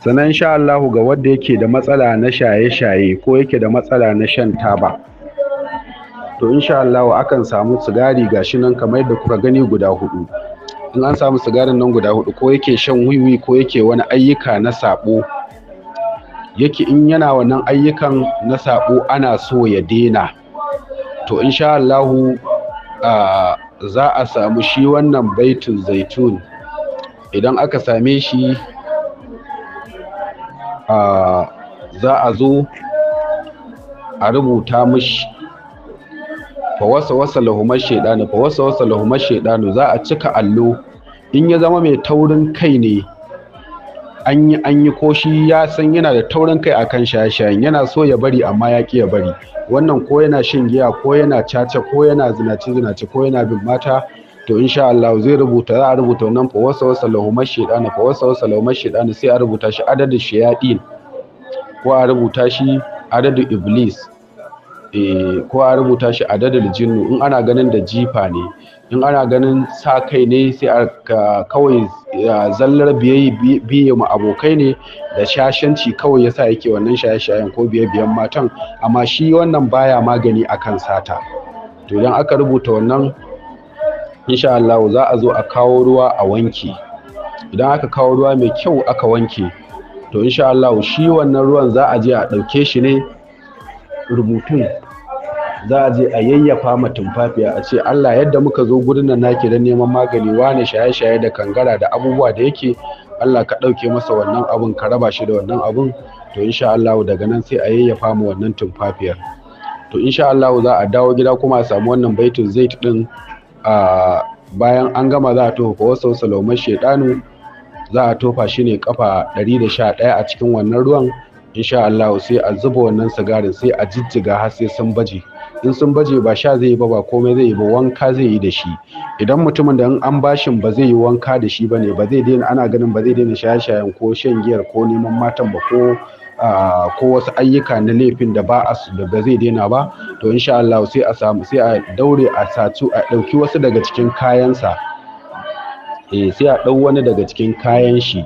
sannan insha Allahu ga wanda yake da matsala na shaye-shaye ko yake da matsala na shan taba to insha Allahu akan samu sigari gashi nan kamar yadda kuka gani guda hudu in an samu sigarin nan guda hudu ko yake shan wiwi ko yake wani ayyuka na sabo yake in yana wannan ayyukan na sabo ana so ya dena to insha Allahu za a samu shi wannan baitul zaitun idan aka same shi za a zo a rubuta mishi fa wasa wasa lahumar shaidanu fa wasa wasa lahumar shaidanu za a cika allo in ya zama mai taurin kai ne an yi an yi koshi ya san yana da taurin kai akan shaye-shayen yana so ya bari amma ya ki ya bari wannan ko yana shan giya ko yana caca ko yana zinace-zinace ko yana bin mata to insha Allah zai rubuta za a rubuta wannan fa wasa wasa lahumar shaidana fa wasa wasa lahumar shaidana sai a rubuta shi adadin shayadin ko a rubuta shi adadin iblis eh ko a rubuta shi adadin jinnu in ana ganin da jifa ne in ana ganin sa kai ne sai a kawai zallar biye mu abokai ne da shashanci kawai yasa yake wannan shaye-shayen ko biye-biyen matan amma shi wannan baya magani akan sata to idan aka rubuta wannan insha Allah za a zo a kawo ruwa a wanke idan aka kawo ruwa mai kyau aka wanke to insha Allah shi wannan ruwan za a je a ɗauke shi ne rubutun za a je a yayyafa ma tumfafiya a ce Allah yadda muka zo gurin nan nake da neman magani wani shaye-shaye da kangara da abubuwa da yake Allah ka ɗauke masa wannan abun ka raba shi da wannan abun to insha Allah daga nan sai a yayyafa ma wannan tumfafiyar to insha Allah za a dawo gida kuma a samu wannan baitul zait din a bayan an gama za a tofa fa wasu salomar shaidanu za a tofa shi ne kafa 111 a cikin wannan ruwan insha Allah sai a zuba wannan sigarin sai a jijjiga har sai sun baje in sun baje ba sha zai yi ba ba komai zai yi ba wanka zai yi da shi idan mutumin da an bashin ba zai yi wanka da shi ba ne, ba zai daina ana ganin ba zai daina shaye-shayen ko shan giyar ko neman matan ba ko ko wasu ayyuka na laifin da ba da ba zai daina ba to insha Allah sai a samu sai a daure a sacu a ɗauki wasu daga cikin kayansa eh sai a ɗau wani daga cikin kayan shi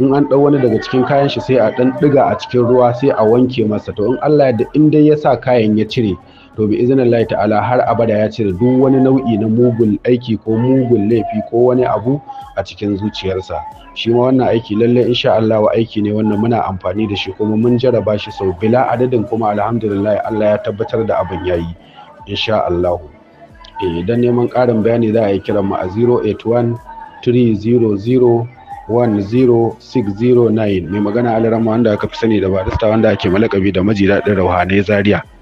in an ɗau wani daga cikin kayan shi sai a ɗan ɗiga a cikin ruwa sai a wanke masa to in Allah da in dai ya sa kayan ya cire to bi izinin ta'ala har abada ya cire duk wani nau'i na mugun aiki ko mugun laifi ko wani abu a cikin zuciyarsa shi ma wannan aiki lalle insha Allah wa aiki ne wannan muna amfani da shi kuma mun jaraba shi sau bila adadin kuma alhamdulillah Allah ya tabbatar da abin yayi insha Allah eh dan neman ƙarin bayani za a yi kiran mu a 081 300 mai magana Ali wanda aka fi sani da barista wanda ake malakabi da maji daɗin rauhanai zaria